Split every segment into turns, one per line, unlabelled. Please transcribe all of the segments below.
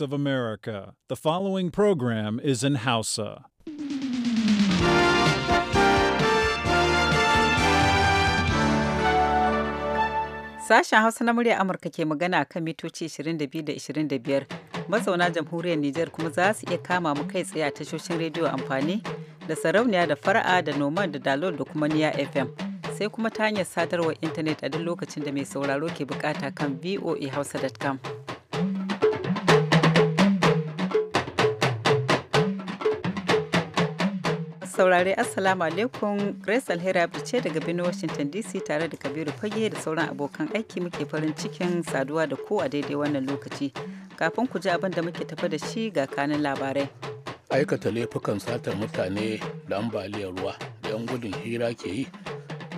of America. The following program is in Hausa.
Sashen Hausa na murya Amurka ke magana kan mitoci 22 da 25. Mazauna jamhuriyar Nijar kuma za su iya kama mu kai tsaye a tashoshin rediyo amfani da sarauniya da fara'a da noman da dalol da kuma niya FM. Sai kuma ta hanyar sadarwar intanet a duk lokacin da mai sauraro ke bukata kan voahausa.com. saurare assalamu alaikum grace Alhera ce daga birnin washington dc tare da kabiru fage da sauran abokan aiki muke farin cikin saduwa da ko a daidai wannan lokaci kafin ku ji abin da muke tafi da shi ga kanin labarai
aikata laifukan satar mutane da ambaliyar ruwa da yan gudun hira ke yi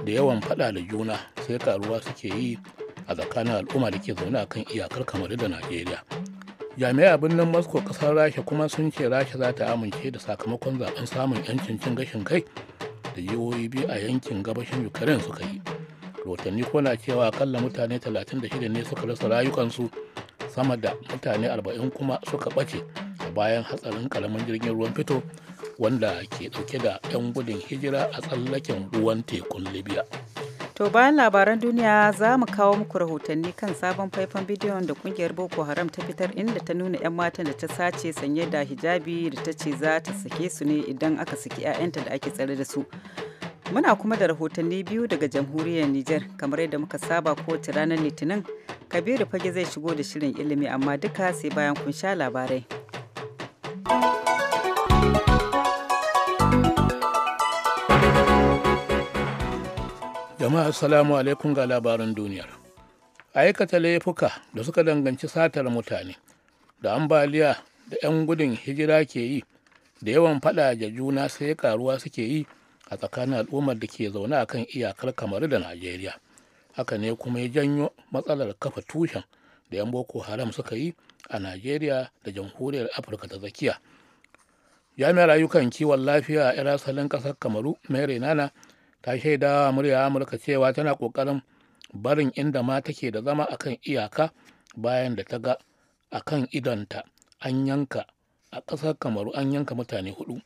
da yawan fada da juna sai karuwa suke yi a tsakanin al'umma da ke zaune a kan iyakar kamar da najeriya jami'a birnin moscow kasar rasha kuma sun ce rasha za ta amince da sakamakon zaben samun yancin cin gashin kai da jihohi biyu a yankin gabashin ukraine suka yi rahotanni ko cewa akalla mutane 36 ne suka rasa rayukansu sama da mutane 40 kuma suka ɓace a bayan hatsarin karamin jirgin ruwan fito wanda ke dauke da 'yan gudun hijira a tsallaken ruwan tekun libya
To bayan labaran duniya za mu kawo muku rahotanni kan sabon faifan bidiyon da kungiyar Boko Haram ta fitar inda ta nuna 'yan matan da ta sace sanye da hijabi da ta ce za ta sake su ne idan aka saki 'ya'yanta da ake tsare da su. Muna kuma da rahotanni biyu daga jamhuriyar Nijar kamar yadda muka saba kowace ranar Litinin. Kabiru fage zai shigo da shirin ilimi amma duka sai bayan kun sha labarai.
jama'a Salamu alaikum ga labaran duniyar aikata laifuka da suka danganci satar mutane da ambaliya da 'yan gudun hijira ke yi da yawan fada da juna sai karuwa suke yi a tsakanin al'ummar da ke zaune a kan iyakar kamar da najeriya haka ne kuma ya janyo matsalar kafa tushen da 'yan boko haram suka yi a najeriya da jamhuriyar afirka ta tsakiya jami'ar ayyukan kiwon lafiya a irasalin ƙasar kamaru mai Nana. ta shaida murya amurka cewa tana kokarin barin inda ma take da zama akan iyaka bayan da ta ga akan idonta an yanka a ƙasar kamaru an yanka mutane hudu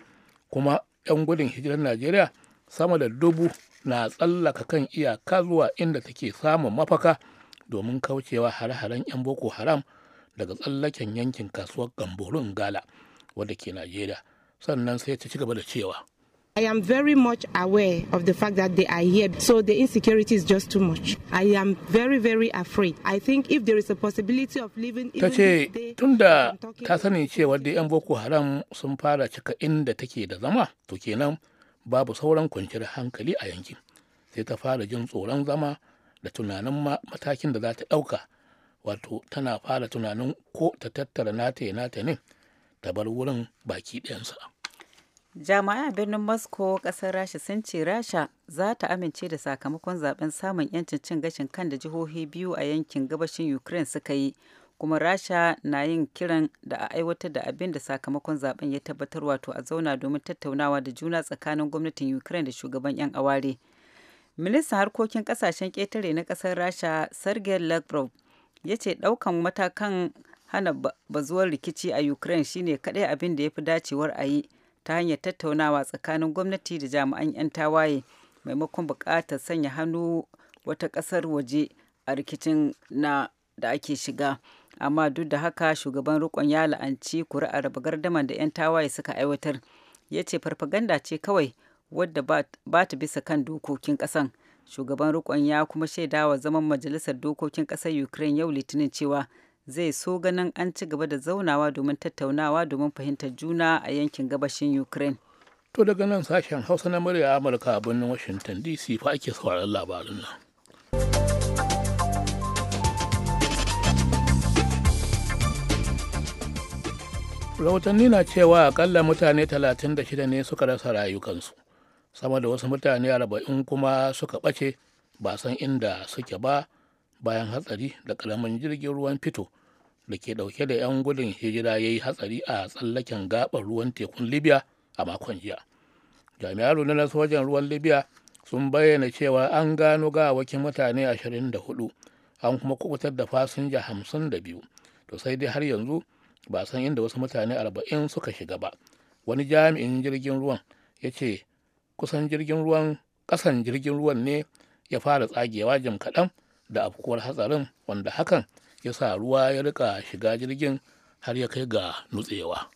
kuma 'yan gudun hijirar najeriya sama da dubu na tsallaka kan iyaka zuwa inda take samun mafaka domin kaucewa hare-haren 'yan boko haram daga tsallaken yankin kasuwar gamborun gala wadda ke najeriya sannan sai ta ci gaba da cewa
I am very much aware of the fact that they are here. So the insecurity is just too much. I am very, very afraid. I think if there is a possibility of living Ta ce tunda
ta sani cewa dai 'yan Boko Haram sun fara cika inda take da zama, to kenan babu sauran kwanciyar hankali a yankin. Sai ta fara jin tsoron zama da tunanin matakin da za ta ɗauka. Wato tana fara tunanin ko ta tattara nata ya
nata ne, ta bar wurin baki ɗayansa. a birnin moscow kasar rasha sun ce rasha za ta amince da sakamakon zaben samun yancin cin gashin kan da jihohi biyu a yankin gabashin ukraine suka yi kuma rasha na yin kiran da a aiwatar da abin da sakamakon zaben ya tabbatar wato a zauna domin tattaunawa da juna tsakanin gwamnatin ukraine da shugaban yan aware ministan harkokin kasashen ketare na kasar rasha sergei lavrov ya ce daukan matakan hana bazuwar rikici a ukraine shine kadai abin da ya fi dacewar a yi ta hanyar tattaunawa tsakanin gwamnati da jami'an 'yan tawaye maimakon buƙatar sanya hannu wata ƙasar waje a rikicin na da ake shiga amma duk da haka shugaban rikon ya la'anci kuri'ar raba gardamar da 'yan tawaye suka aiwatar ya ce farfaganda ce kawai wadda ba ta bisa kan dokokin ƙasan shugaban rikon ya kuma shaidawa zaman majalisar dokokin ƙasar ukraine yau litinin cewa zai so ganin an ci gaba da zaunawa domin tattaunawa domin fahimtar juna a yankin gabashin ukraine to daga nan sashen
hausa na murya amurka a birnin washington dc fa ake sauraron labarin nan rahotanni na cewa akalla mutane 36 ne suka rasa rayukansu sama da wasu mutane 40 kuma suka ɓace ba san inda suke ba bayan hatsari da ƙaramin jirgin ruwan fito da ke dauke da 'yan gudun hijira ya yi hatsari a tsallaken gabar ruwan tekun libya a makon jiya jami'an rundunar sojan ruwan libya sun bayyana cewa an gano gawakin mutane 24 an kuma kubutar da fasinja 52 to sai dai har yanzu ba san inda wasu mutane 40 suka shiga ba wani jami'in jirgin ruwan ya ce kusan jirgin ruwan kasan jirgin ruwan ne ya fara tsagewa jim kaɗan da afkuwar hatsarin wanda hakan ya sa ruwa ya rika shiga jirgin har ya kai ga nutsewa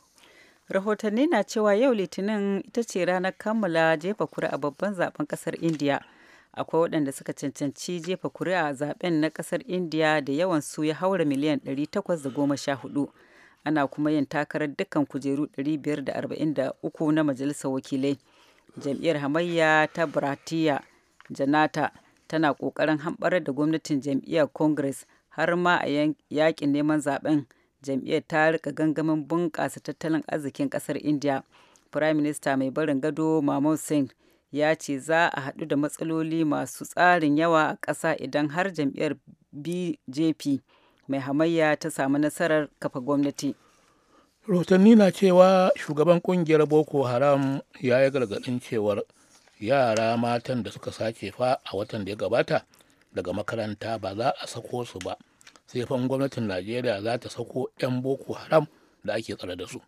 rahotanni na cewa yau litinin ita ce ranar kammala jefa kuri'a babban zaben kasar indiya akwai waɗanda suka cancanci jefa kuri'a zaben na kasar indiya da yawan su ya haura miliyan 814 ana kuma yin takarar dukkan kujeru 543 na majalisar wakilai jam'iyyar hamayya ta bratiya janata tana kokarin hamɓarar da gwamnatin jam'iyyar congress har ma a yakin neman zaben jam'iyyar ta rika gangamin bunƙasa tattalin arzikin ƙasar india prime minister mai barin gado mahmood singh ya ce za a haɗu da matsaloli masu tsarin yawa a ƙasa idan har jam'iyyar bjp mai hamayya ta samu nasarar kafa gwamnati
rahotanni na cewa shugaban kungiyar boko haram ya yi gargaɗin cewar yara matan da suka sace fa a watan da ya gabata daga makaranta ba za a sako su ba sai fan gwamnatin najeriya za ta sako 'yan boko haram da ake tsare da su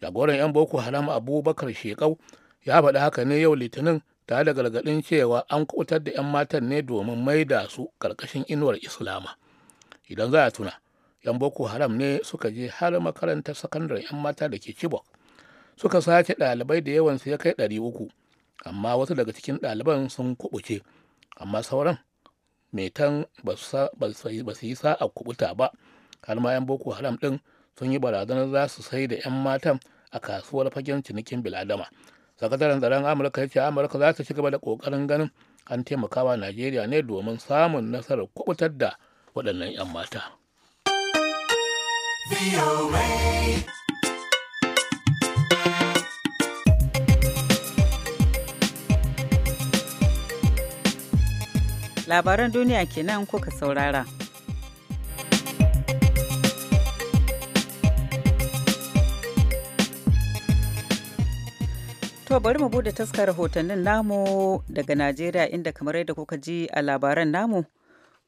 jagoran 'yan boko haram abubakar shekau ya faɗi haka ne yau litinin tare da gargaɗin cewa an kubutar da 'yan matan ne domin maida su ƙarƙashin inuwar islama idan za a tuna 'yan boko haram ne suka je har makarantar sakandaren 'yan mata da ke chibok suka sace ɗalibai da yawansu ya kai ɗari uku amma wasu daga cikin ɗaliban sun kubuce amma sauran metan ba su yi sa'a kubuta ba har ma 'yan boko haram din sun yi barazanar za su sai da 'yan matan a kasuwar fagen cinikin biladama sakataren tsaron amurka ya ce amurka za ta ci da kokarin ganin an taimakawa najeriya ne domin samun nasarar kubutar da waɗannan 'yan mata.
labaran duniya kenan kuka saurara. To bari mu bude taskar rahotannin namu daga Najeriya inda kamar yadda kuka ji a labaran namu,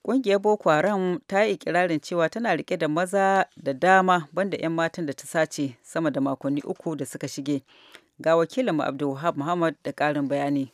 ƙungiyar Boko Haram ta yi ikirarin cewa tana rike da maza da dama banda 'yan matan da ta sace sama da makonni uku da suka shige. Ga wakilin Abdul Wahab Muhammad da ƙarin bayani.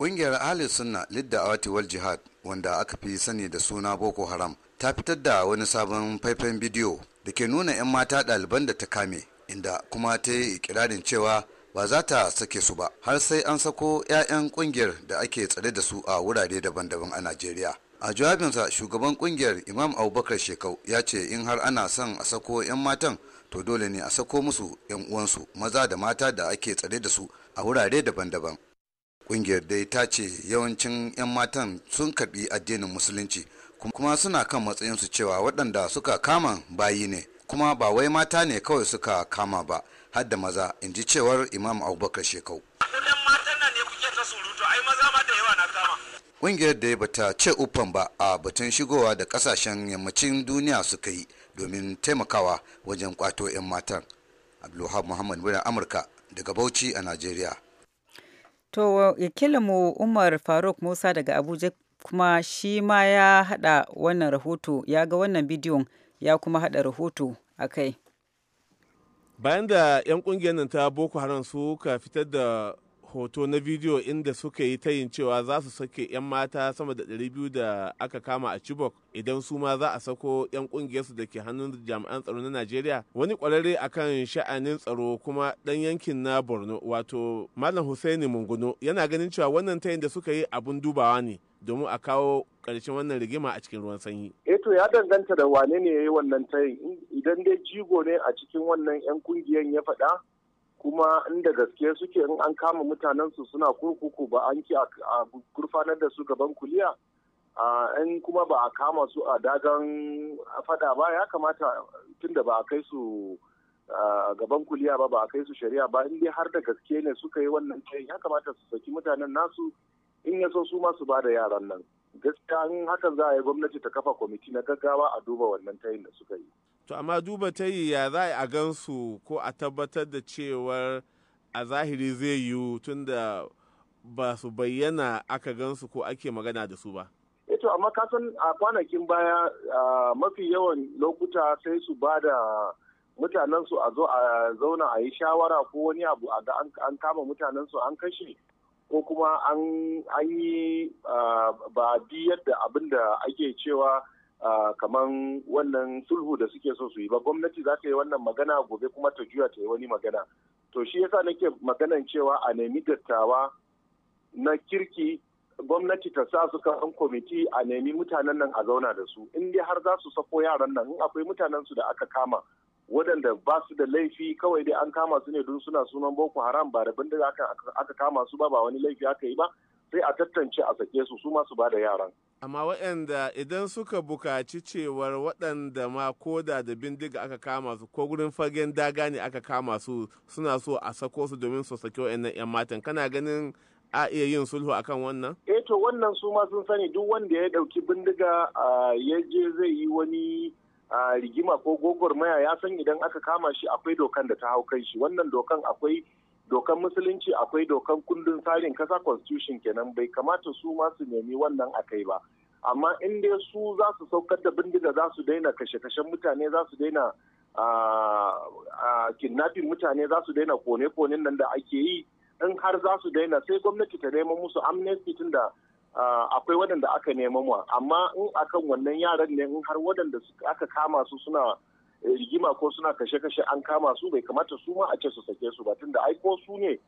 Ƙungiyar Ahlus Sunna Lidda Awati Wal Jihad wanda aka fi sani da suna boko haram ta fitar da wani sabon faifan bidiyo da ke nuna 'yan mata ɗaliban da ta kame inda kuma ta yi ikirarin cewa ba za ta sake su ba har sai an sako 'ya'yan ƙungiyar da ake tsare da su a wurare daban-daban a najeriya a jawabinsa shugaban ƙungiyar imam abubakar shekau ya ce in har ana son a sako 'yan matan to dole ne a sako musu 'yan uwansu maza da mata da ake tsare da su a wurare daban-daban Ƙungiyar dai ta ce yawancin 'yan matan sun karɓi addinin musulunci kuma suna kan matsayin su cewa waɗanda suka kama bayi ne kuma ba wai mata ne kawai suka kama ba har da maza in ji cewar imam abubakar shekau. kungiyar
matan da yawa
Ƙungiyar dai bata ce uffan ba a batun shigowa da kasashen yammacin duniya suka yi domin taimakawa wajen kwato 'yan matan. Abdulhab Muhammad Wurin Amurka daga Bauchi a Najeriya.
To mu Umar Faruk Musa daga Abuja kuma shi ma ya haɗa wannan rahoto ya ga wannan bidiyon ya kuma haɗa rahoto a kai. Bayan da 'yan ƙungiyar nan ta Boko Haram suka fitar da hoto na
bidiyo inda suka yi tayin cewa za su sake 'yan mata sama da 200 da aka kama a Chibok idan su ma za a sako 'yan ƙungiyarsu da ke hannun jami'an tsaro na Najeriya wani kwararre akan sha'anin tsaro kuma ɗan yankin na Borno wato Malam Hussaini Munguno yana ganin cewa wannan tayin da suka yi abun dubawa ne domin a kawo ƙarshen wannan rigima a cikin ruwan sanyi.
Eh to ya danganta da wane ne ya yi wannan tayin idan dai jigo ne a cikin wannan 'yan ƙungiyar ya faɗa kuma inda gaske suke in an kama mutanensu suna kurkuku ba an ki a gurfanar da su gaban kuliya in kuma ba a kama su a dagan fada ba ya kamata tunda ba a kai su gaban kuliya ba ba a kai su shari'a ba in dai har da gaske ne suka yi wannan kai ya kamata su saki mutanen nasu in ya so su ma su ba da yaran nan gaskiya in hakan za a yi gwamnati ta kafa kwamiti na gaggawa a duba wannan tayin da suka yi
to amma duba ta yi ya za a su ko a tabbatar da cewar a zahiri zai yiwu tunda ba su bayyana aka gan su ko ake magana da su ba
eh to amma ka a kwanakin baya mafi yawan lokuta sai su ba da mutanen su a zo a zauna a yi shawara ko wani abu a ga an kama mutanen su an kashe ko kuma an yi ba bi yadda abinda ake cewa kamar wannan sulhu da suke so su yi ba gwamnati za ta yi wannan magana gobe kuma ta juya ta yi wani magana to shi yasa nake maganan cewa a nemi dattawa na kirki gwamnati ta sa su kan kwamiti a nemi mutanen nan a zauna da su in dai har za su sako yaran nan in akwai mutanen su da aka kama waɗanda ba su da laifi kawai dai an kama su ne don suna sunan boko haram ba da bindiga aka kama su ba ba wani laifi aka yi ba sai a tattance a sake su su masu bada ba da yaran
amma waɗanda idan suka bukaci cewar waɗanda ma koda da bindiga aka kama su ko gurin fagen daga ne aka kama su suna so a sako su domin su sake waɗannan 'yan matan kana ganin a iya yin sulhu akan wannan?
eh to wannan su ma sun sani duk wanda ya ɗauki bindiga ya je zai yi wani rigima ko gogor maya ya san idan aka kama shi akwai dokan da ta hau kai shi wannan dokan akwai dokan musulunci akwai dokan kundin tsarin kasa constitution kenan bai kamata su ma su nemi wannan akai ba amma in dai su za su saukar da bindiga za su daina kashe-kashen mutane za su daina kidnapping mutane za su daina kone-konen nan da ake yi in har za su daina sai gwamnati ta neman musu amnesty tun da akwai waɗanda aka neman wa amma in akan wannan yaran ne in har waɗanda aka kama su suna rigima ko suna kashe-kashe an kama su bai kamata su ma a ce su sake su ba tunda ai ko su ne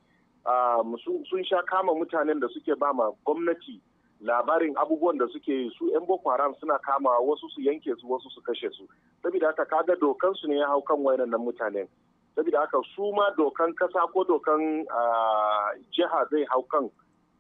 um, sun sha kama mutanen da suke ba ma gwamnati labarin abubuwan da suke yi su 'yan boko haram suna kama wasu su yanke su wasu su kashe su saboda haka kaga dokan su ne ya hau kan wayannan mutanen saboda haka su ma dokan kasa ko dokan jiha zai hau kan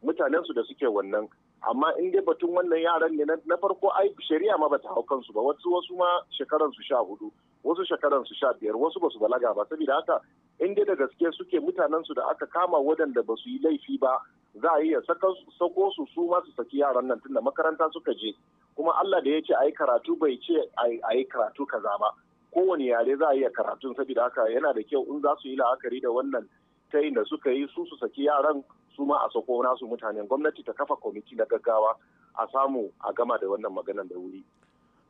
mutanen su da suke wannan amma in dai batun wannan yaran ne na farko ai shari'a ma bata hau kansu ba wasu wasu ma shekaran su sha hudu wasu shekaran su sha biyar wasu ba su balaga ba saboda haka in dai da gaske suke mutanen su da aka kama waɗanda ba su yi laifi ba za a iya sako su su ma su saki yaran nan tunda makaranta suka je kuma Allah da ya ce a karatu bai ce a karatu kaza ba kowane yare za a iya karatun saboda haka yana da kyau in za su yi la'akari da wannan ta da suka yi su su saki yaran su ma a sako nasu mutanen gwamnati ta kafa kwamiti na gaggawa a samu a gama da wannan maganan da wuri.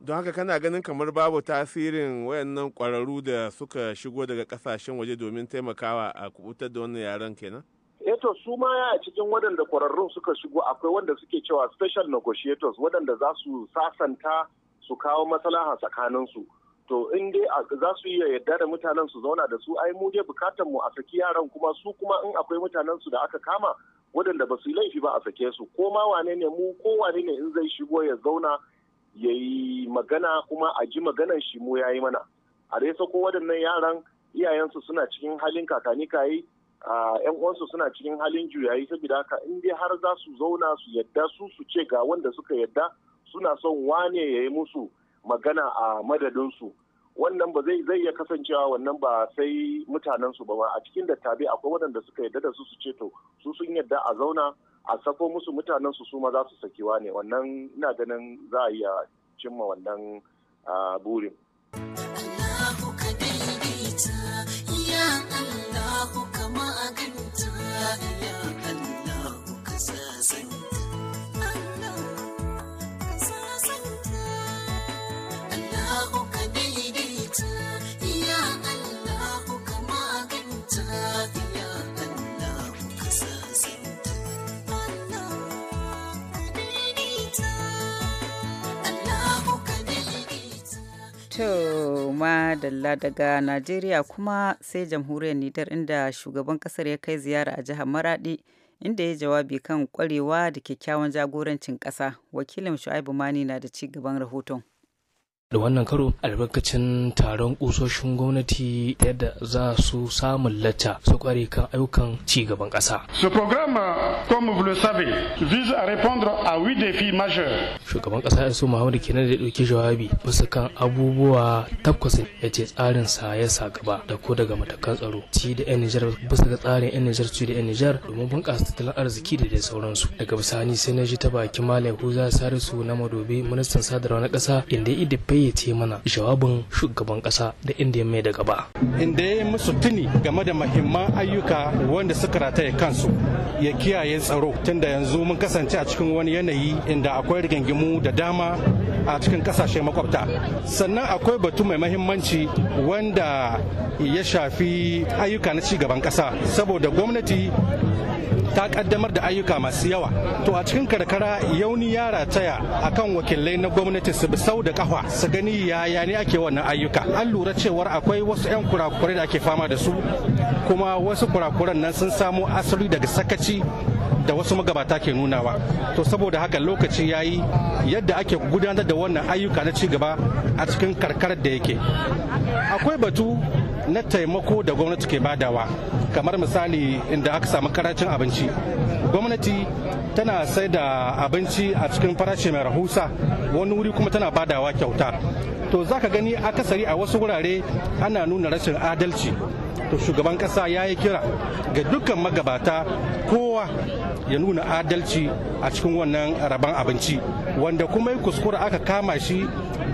don haka kana ganin kamar babu tasirin wayannan kwararru da suka shigo daga kasashen waje domin taimakawa a kubutar da wannan yaren kenan
eto eh su ma ya a cikin wadanda kwararrun suka shigo akwai wanda suke cewa special negotiators waɗanda za su sasanta su kawo tsakanin tsakaninsu to in dai za su iya yadda da mutanen su zauna da su ai mu dai bukatar mu a saki yaran kuma su kuma in akwai mutanen su da aka kama waɗanda ba su yi laifi ba a sake su ko ma wane ne mu ko wane ne in zai shigo ya zauna ya yi magana kuma a ji maganan shi mu ya yi mana a dai sako waɗannan yaran iyayensu suna cikin halin kakani kayi yan uwansu suna cikin halin juyayi saboda haka in dai har za su zauna su yadda su su ce ga wanda suka yadda suna son wane ya yi musu magana a madadinsu wannan ba zai zai iya kasancewa wannan ba sai mutanensu ba a cikin da tabi akwai waɗanda suka yadda da su su ce to su sun yadda a zauna a sako musu mutanen su su ma za su sakewa ne wannan ina ganin za a iya
cimma wannan ah, burin.
To madalla daga Najeriya kuma sai jamhuriyar Nijar inda shugaban kasar ya kai ziyara a jihar Maradi inda ya jawabi kan kwarewa da kyakkyawan jagorancin ƙasa. Wakilin Shu'aibu Mani na da ci gaban rahoton.
da wannan karo albarkacin taron kusoshin gwamnati da yadda za su samun laca su kware kan ayyukan ci gaban ƙasa. Ce programme, comme
vous le savez, vise à répondre à huit défis majeurs.
Shugaban ƙasa so Muhammadu kenan da ɗauki jawabi bisa kan abubuwa takwas ya ce tsarin sa ya sa gaba da ko daga matakan tsaro ci da yan Nijar bisa ga tsarin yan Nijar ci da yan Nijar domin bunƙasa tattalin arziki da dai sauransu. Daga bisani sai na ji ta baki Malam Huza Sarisu na Madobe ministan sadarwa na ƙasa inda ya fayyace mana jawabin shugaban kasa da inda ya mai da gaba. Inda
ya yi musu tuni game da mahimman ayyuka wanda suka rataye kansu ya kiyaye tsaro tunda yanzu mun kasance a cikin wani yanayi inda akwai rigingimu da dama a cikin kasashe makwabta sannan akwai batu mai mahimmanci wanda ya shafi ayyuka na ci gaban ƙasa saboda gwamnati ta kaddamar da ayyuka masu yawa to a cikin karkara yauni yara rataya akan wakilai na gwamnati su bi sau da kafa su gani yaya ne ake wannan ayyuka an lura cewar akwai wasu 'yan kurakurai da ake fama da su kuma wasu kurakuran nan sun samo asali daga sakaci da wasu magabata ke nunawa to saboda haka lokaci ya yi yadda ake gudanar da wannan ayyuka na ci gaba a cikin karkarar da yake akwai batu na taimako da gwamnati ke badawa kamar misali inda aka samu karancin abinci gwamnati tana sai da abinci a cikin farashi mai rahusa wani wuri kuma tana badawa kyauta to za ka gani akasari a wasu wurare ana nuna rashin adalci to shugaban kasa ya yi kira ga dukkan magabata kowa ya nuna adalci a cikin wannan rabon abinci wanda kuma yi kuskura aka kama shi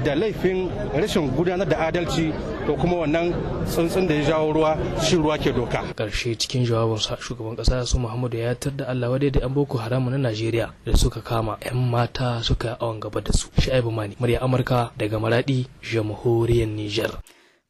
da laifin rashin gudanar da adalci to kuma wannan tsuntsun da ya jawo ruwa shi ruwa ke doka karshe
cikin jawabinsa shugaban kasa su muhammadu ya tar da allah wadai da yan boko haramu na najeriya da suka kama yan mata suka yi awon gaba da su sha'ibu mani murya amurka daga maradi jamhuriyar niger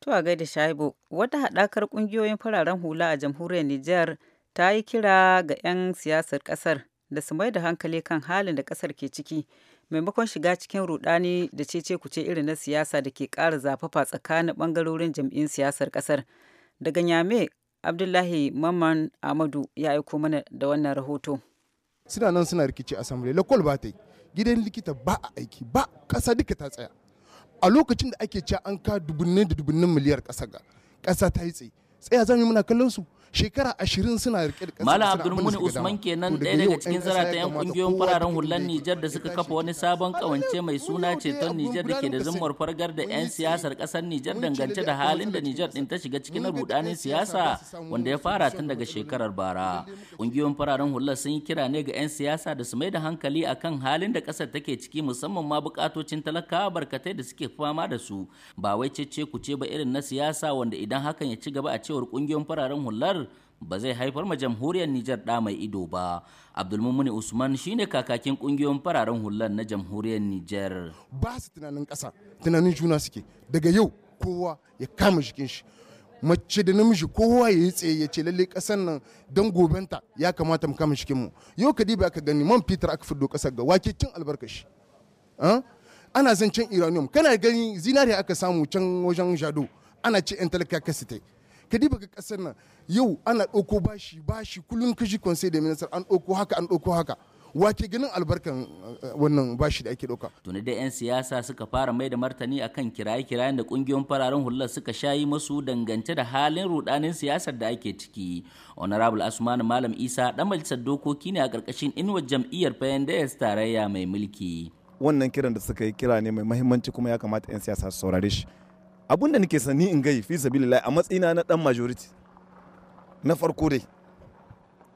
To a gaida Shaibu, wata haɗakar ƙungiyoyin fararen hula a jamhuriyar Nijar ta yi kira ga 'yan siyasar ƙasar da su mai da hankali kan halin da ƙasar ke ciki maimakon shiga cikin rudani da cece kuce irin na siyasa da ke ƙara zafafa tsakanin ɓangarorin jam'in siyasar ƙasar. Daga Nyame, Abdullahi Mamman Amadu ya aiko mana da wannan rahoto.
Suna nan suna rikici a Samre, lakol ba ta yi, gidan likita ba a aiki, ba ƙasa duka ta tsaya. a lokacin da ake cewa an ka dubunnin da dubunnin miliyar ƙasa ga ƙasa ta yi tsaye tsaya za mu yi muna kallon su shekara ashirin suna rike da abdulmuni usman kenan daya daga cikin zarata yan
kungiyoyin fararen hular nijar da suka kafa wani sabon kawance mai suna ceton nijar da ke da zumar fargar da yan siyasar kasar nijar dangance da halin da nijar din ta shiga cikin rudanin siyasa wanda ya fara tun daga shekarar bara kungiyoyin fararen hular sun yi kira ne ga yan siyasa da su mai da hankali akan halin da kasar take ciki musamman ma bukatocin talakawa barkatai da suke fama da su ba wai cece ku ce ba irin na siyasa wanda idan hakan ya ci gaba a cewar kungiyoyin fararen hular ba zai haifar ma jamhuriyar Nijar da mai ido ba. Abdulmumuni Usman shine kakakin kungiyoyin fararen hular na jamhuriyar Nijar.
Ba su tunanin ƙasa, tunanin juna suke. Daga yau kowa ya kama jikin shi. Mace da namiji kowa ya yi tsaye ya ce lalle ƙasar nan don gobenta ya kamata mu kama jikin mu. Yau ka diba ka gani man fitar aka fido ƙasar ga wake cin albarkashi. Ah? Ana zancen uranium kana gani zinariya aka samu can wajen jado ana ce 'yan talaka kasite. ka diba ga kasar nan yau ana ɗauko bashi bashi kullum kashi kwanse da ministar an ɗauko haka an ɗauko haka wace ganin albarkan eh, wannan bashi da ake ɗauka.
tuni da 'yan siyasa suka fara mai da martani akan kiraye-kirayen da kungiyoyin fararen hular suka sha yi masu dangance da halin rudanin siyasar da ake ciki honorable asmanu malam isa dan majalisar dokoki ne a ƙarƙashin inuwar jam'iyyar pnds tarayya mai mulki
wannan kiran da suka yi kira ne mai mahimmanci kuma ya kamata 'yan siyasa su saurare shi abinda nake sani in gai fi sabilillahi a matsayina na dan majority na farko dai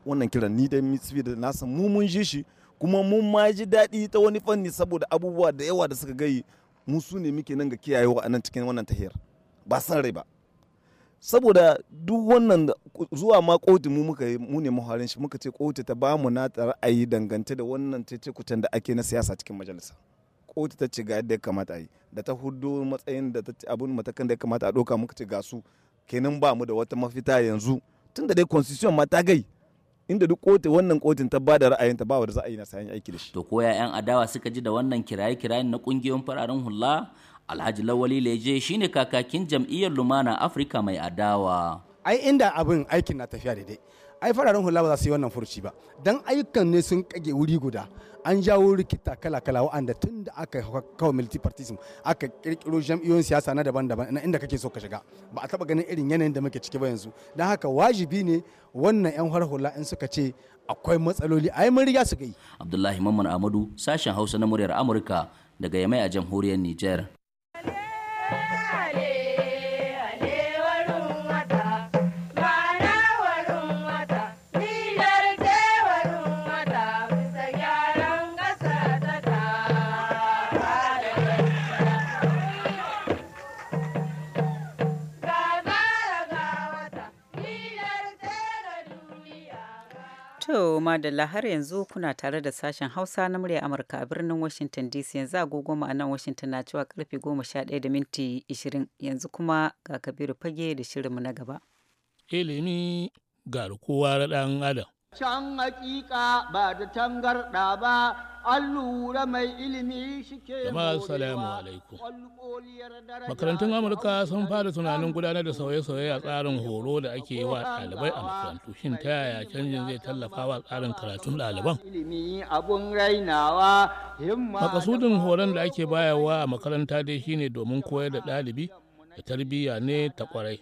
wannan kiran ni da da na san mu mun ji shi kuma mun ma ji daɗi ta wani fanni saboda abubuwa da yawa da suka gai mu su ne muke nan ga kiyayewa a nan cikin wannan tahiyar ba san rai ba saboda duk wannan zuwa ma kotu mu muka yi mu ne muharin shi muka ce kotu ta ba mu na ra'ayi dangante da wannan cece kutan da ake na siyasa cikin majalisa kotu ta ci ga yadda ya kamata yi da ta hudu matsayin da ta ci abin matakan da ya kamata a ɗauka muka ci ga su kenan ba mu da wata mafita yanzu tun da dai constitution ma ta gai inda duk kotu wannan kotun ta ba bada
ra'ayinta ba da za a yi na sayan aiki da shi to ko 'yan adawa suka ji da wannan kiraye kirayen na kungiyoyin fararen hula Alhaji Lawali Leje shine kakakin jam'iyyar Lumana Afirka mai adawa
ai inda abin aikin na tafiya daidai ai fararen hula ba za su yi wannan furci ba dan ayyukan ne sun kage wuri guda an jawo rikita kala-kala wa'anda tun da aka kawo multipartism aka kirkiro jam'iyyun siyasa na daban-daban na inda kake so ka shiga ba a taba ganin irin yanayin da muke ciki ba yanzu dan haka wajibi ne wannan 'yan hula in suka ce akwai matsaloli ai mun riga su yi.
abdullahi mamman amadu sashen hausa na muryar amurka daga yamai a jamhuriyar niger
da lahar yanzu kuna tare da sashen Hausa na murya Amurka a birnin Washington DC yanzu agogo ma'anan Washington na cewa karfe 11 da minti 20 yanzu kuma ga Kabiru Fage da shirinmu na gaba.
Ilimi ga kowa dan adam.
Can hakika ba da tangarɗa ba allura mai ilimi shike alaikum
makarantun amurka sun fara tunanin gudanar da sauye-sauye a tsarin horo da ake yi wa ɗalibai a makarantu shin ta yaya canjin zai tallafa wa tsarin karatun ɗaliban makasudin horon da ake bayarwa a makaranta dai shine domin koyar da ɗalibi da tarbiyya ne ta kwarai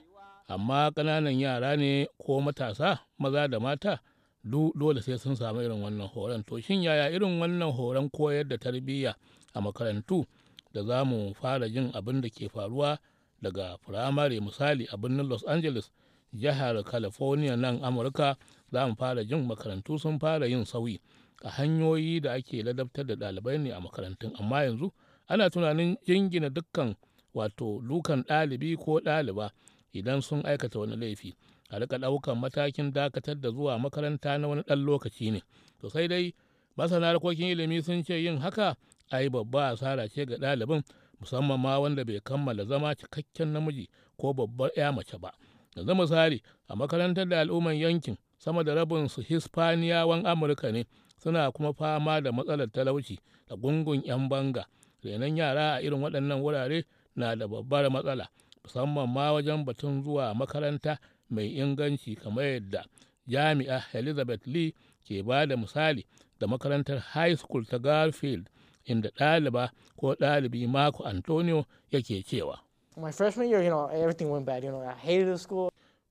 amma ƙananan yara ne ko matasa maza da mata dole sai sun samu irin wannan horon to shin yaya irin wannan horon koyar da tarbiyya a makarantu da za mu fara jin abin da ke faruwa daga firamare misali a birnin los angeles jihar california nan amurka za mu fara jin makarantu sun fara yin sauyi a hanyoyi da ake ladabtar da ɗalibai ne a makarantun amma yanzu ana tunanin jingina dukkan wato dukan ɗalibi ko ɗaliba idan sun aikata wani laifi a rika ɗaukan matakin dakatar da zuwa makaranta na wani ɗan lokaci ne to sai dai masana harkokin ilimi sun ce yin haka ai babba asara ce ga ɗalibin musamman ma wanda bai kammala zama cikakken namiji ko babbar 'ya mace ba yanzu misali a makarantar da al'umman yankin sama da rabin su hispaniyawan amurka ne suna kuma fama da matsalar talauci da gungun 'yan banga renon yara a irin waɗannan wurare na da babbar matsala musamman ma wajen batun zuwa makaranta mai inganci kamar yadda jami'a elizabeth lee ke ba da misali da makarantar high school ta garfield inda ɗaliba ko ɗalibi marco antonio yake cewa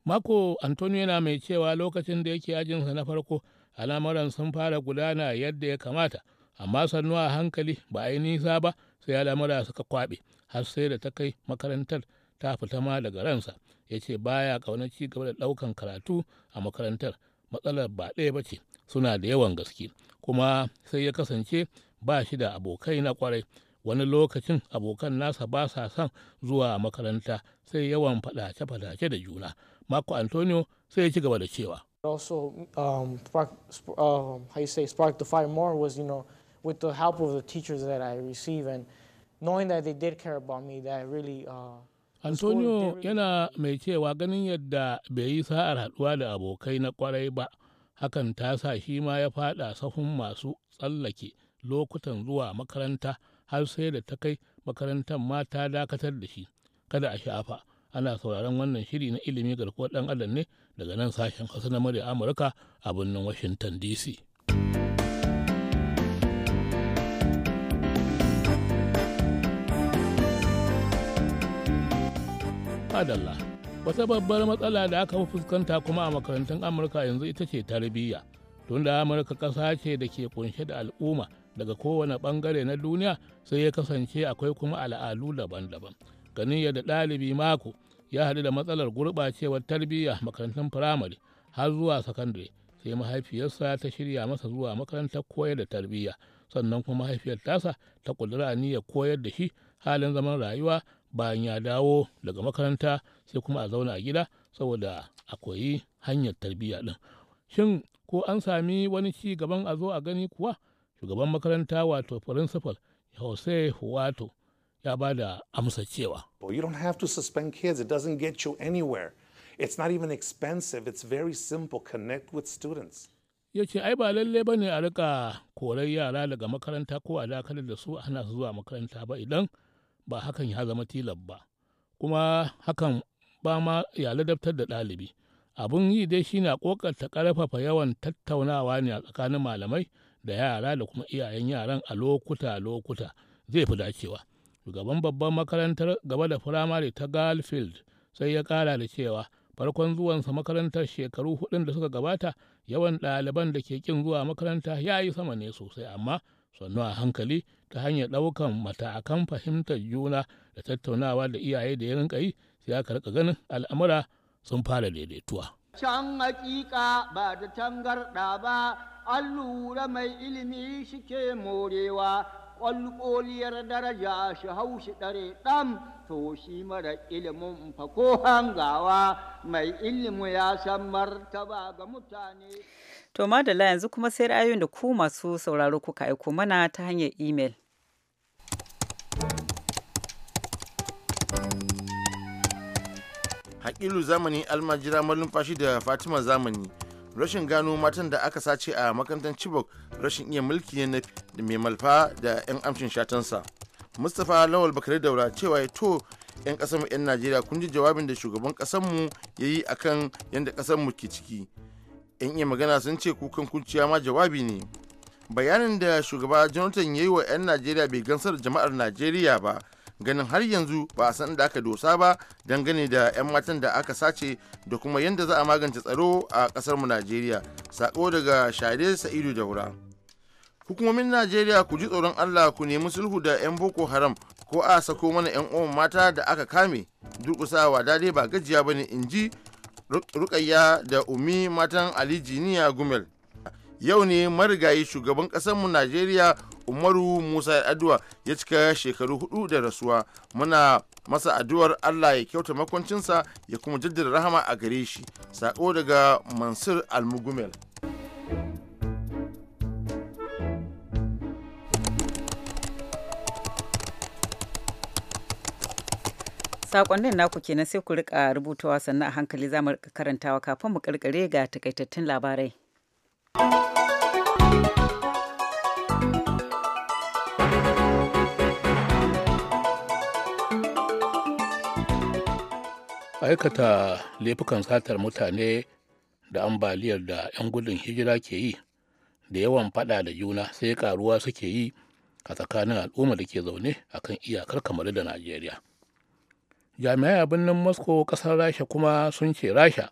Mako Antonio yana mai cewa lokacin da yake ajinsa na farko al'amuran sun fara gudana yadda ya kamata, amma sannu a hankali ba a yi nisa ba sai al'amura suka kwaɓe har sai da ta kai makarantar ta fita ma daga ransa ya ce baya ƙaunar ci gaba da ɗaukan karatu a makarantar matsalar ba ɗaya ba ce suna da yawan gaske kuma sai ya kasance ba shi da abokai na kwarai wani lokacin abokan nasa ba sa son zuwa makaranta sai yawan faɗace-faɗace da juna marco antonio sai ya ci gaba da cewa also um, spark, um, how you say spark the fire more was you know with the help of the teachers that I receive and knowing that they did care about me that really uh,
antonio
yana mai cewa ganin yadda bai yi sa'ar haɗuwa da abokai na kwarai ba hakan ta sa shi ma ya faɗa sahun masu tsallake lokutan zuwa makaranta har sai da ta kai makarantar ma ta dakatar da shi kada a shafa ana sauraron wannan shiri na ilimi garkuwar ɗan adam ne daga nan sashen ƙasa na murya amurka a birnin washington dc Madalla. Wata babbar matsala da aka fi fuskanta kuma a makarantun Amurka yanzu ita ce tarbiyya. Tunda Amurka ƙasa ce da ke kunshe da al'umma daga kowane ɓangare na duniya sai ya kasance akwai kuma al'adu daban-daban. Ganin yadda ɗalibi mako ya haɗu da matsalar gurɓacewar tarbiyya makarantun firamare har zuwa sakandare sai mahaifiyarsa ta shirya masa zuwa makarantar koyar da tarbiyya sannan kuma mahaifiyar tasa ta ƙudura aniyar koyar da shi halin zaman rayuwa bayan ya dawo daga makaranta sai kuma a zauna a gida saboda a koyi hanyar tarbiyya din. shin ko an sami wani ci gaban a zo a gani kuwa shugaban makaranta wato principal jose huwato ya ba da amsa cewa
you don't have to suspend kids it doesn't get you anywhere it's not even expensive it's very simple connect with students
ya ce ai ba lalle ba ne a rika korar yara daga makaranta ko a dakatar da su ana zuwa makaranta ba idan ba hakan ya zama tilab ba kuma hakan ba ma ya ladabtar da ɗalibi abun yi dai shine a ƙoƙarta ƙarfafa yawan tattaunawa ne a tsakanin malamai da yara da kuma iyayen yaran a lokuta lokuta zai fi dacewa shugaban babban makarantar gaba da firamare ta garfield sai ya ƙara da cewa farkon zuwansa makarantar shekaru hudun da suka gabata yawan ɗaliban da ke kin zuwa makaranta ya yi sama ne sosai amma sannu a hankali ta hanyar ɗaukan matakan fahimtar juna da tattaunawa da iyaye da ya yi sai aka rika ganin al'amura sun fara daidaituwa.
Can hakika ba da tangarɗa ba, an lura mai ilimi shi ke morewa, ƙwalƙoliyar daraja shi haushi ɗare ɗan to shi mara ilimin fa ko hangawa mai ilimi ya san martaba ga mutane.
To madalla yanzu kuma sai ra'ayoyin da ku masu sauraro kuka aiko mana ta hanyar imel. Hakilu zamani almajira
malumfashi da Fatima zamani rashin gano matan da aka sace a makarantar Chibok rashin iya mulki ne da mai malfa da 'yan amshin shatansa. Mustapha Lawal Bakare Daura cewa to 'yan mu 'yan Najeriya kun ji jawabin da shugaban ƙasarmu ya yi akan yadda mu ke ciki. 'yan iya magana sun ce kukan kunciya ma jawabi ne bayanin da shugaba jonathan ya yi wa 'yan najeriya bai gansar jama'ar najeriya ba ganin har yanzu ba a san da aka dosa ba dangane da 'yan matan da aka sace da kuma yadda za a magance tsaro a kasar mu najeriya sako daga shade sa'idu daura hukumomin najeriya ku ji tsoron allah ku nemi sulhu da 'yan boko haram ko a sako mana 'yan uwan mata da aka kame durkusawa dade ba gajiya ba ne in ji rukayya da umi matan ali jiniya gumel yau ne marigayi shugaban mu najeriya umaru musa addu'a ya cika shekaru hudu da rasuwa muna masa addu'ar allah ya kyauta makoncinsa ya kuma jaddada rahama a gare shi sako daga mansur almugumel
Sakonnin naku kenan sai ku rika rubutawa sannan a hankali za mu karantawa kafin mu karkare ga takaitattun labarai.
aikata laifukan satar mutane da ambaliyar da 'yan gudun hijira ke yi da yawan fada da juna sai karuwa suke yi a tsakanin al'umma da ke zaune a kan iyakar kamar da najeriya jami'ai a birnin moscow ƙasar rasha kuma sun ce rasha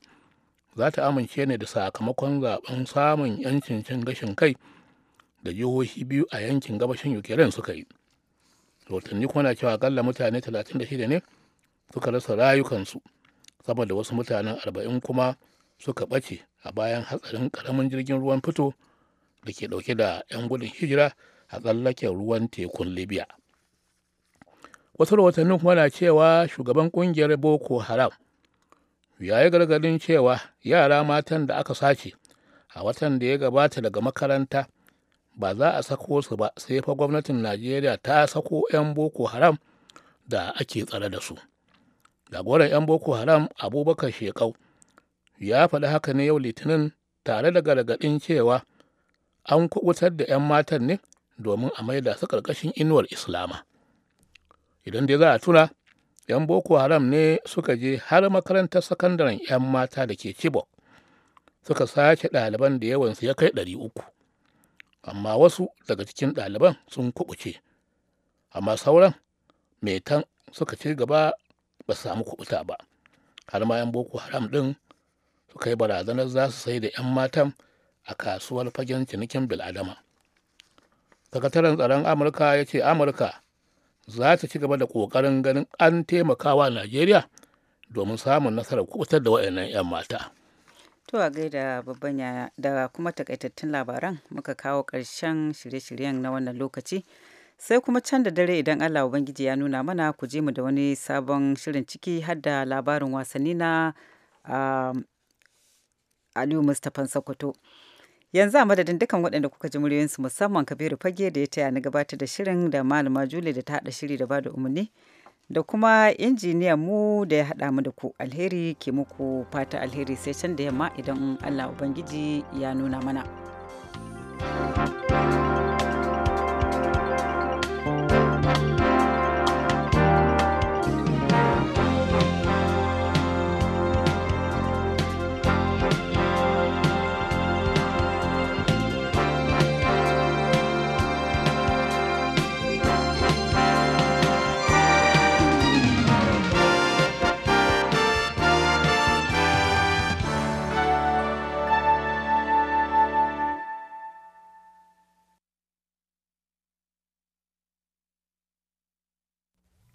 za ta amince ne da sakamakon zaben samun yancin cin gashin kai da jihohi biyu a yankin gabashin ukraine suka yi rahotanni kuma na cewa akalla mutane 36 ne suka rasa rayukansu saboda wasu mutanen 40 kuma suka ɓace a bayan hatsarin karamin jirgin ruwan fito da ke ɗauke da 'yan gudun hijira a tsallaken ruwan tekun libya wasu rahotannin kuma na cewa shugaban kungiyar boko haram ya yi gargadin cewa yara matan da aka sace a watan da ya gabata daga makaranta ba za a sako su ba sai fa gwamnatin najeriya ta sako 'yan boko haram da ake tsare da su jagoran 'yan boko haram abubakar shekau ya faɗi haka ne yau litinin tare da gargaɗin cewa an kubutar da 'yan matan ne domin a maida su ƙarƙashin inuwar islama idan dai za a tuna yan boko haram ne suka je har makarantar sakandaren yan mata da ke cibok suka sace ɗaliban da yawan su ya kai ɗari uku amma wasu daga cikin ɗaliban sun kubuce amma sauran metan suka ci gaba ba su samu kubuta ba har ma 'yan boko haram ɗin suka yi barazanar za su sai da 'yan matan a kasuwar fagen cinikin biladama sakataren tsaron amurka ya ce amurka za ta ci gaba da ƙoƙarin ganin an taimakawa najeriya domin samun nasarar kubutar da wayannan 'yan mata
to a gaida babban yaya da kuma takaitattun labaran muka kawo ƙarshen shirye-shiryen na wannan lokaci sai kuma can da dare idan allah ubangiji ya nuna mana ku je mu da wani sabon shirin ciki har da labarin wasanni na um, aliyu mustapha sokoto yanzu a madadin dukkan waɗanda kuka ji muryoyinsu musamman kabiru fage da ya taya na gabatar da shirin da malama juli da ta haɗa shiri da bada umarni da kuma injiniyan mu da ya haɗa mu da ku alheri ke muku fata alheri sai can da yamma idan allah ubangiji ya nuna mana thank you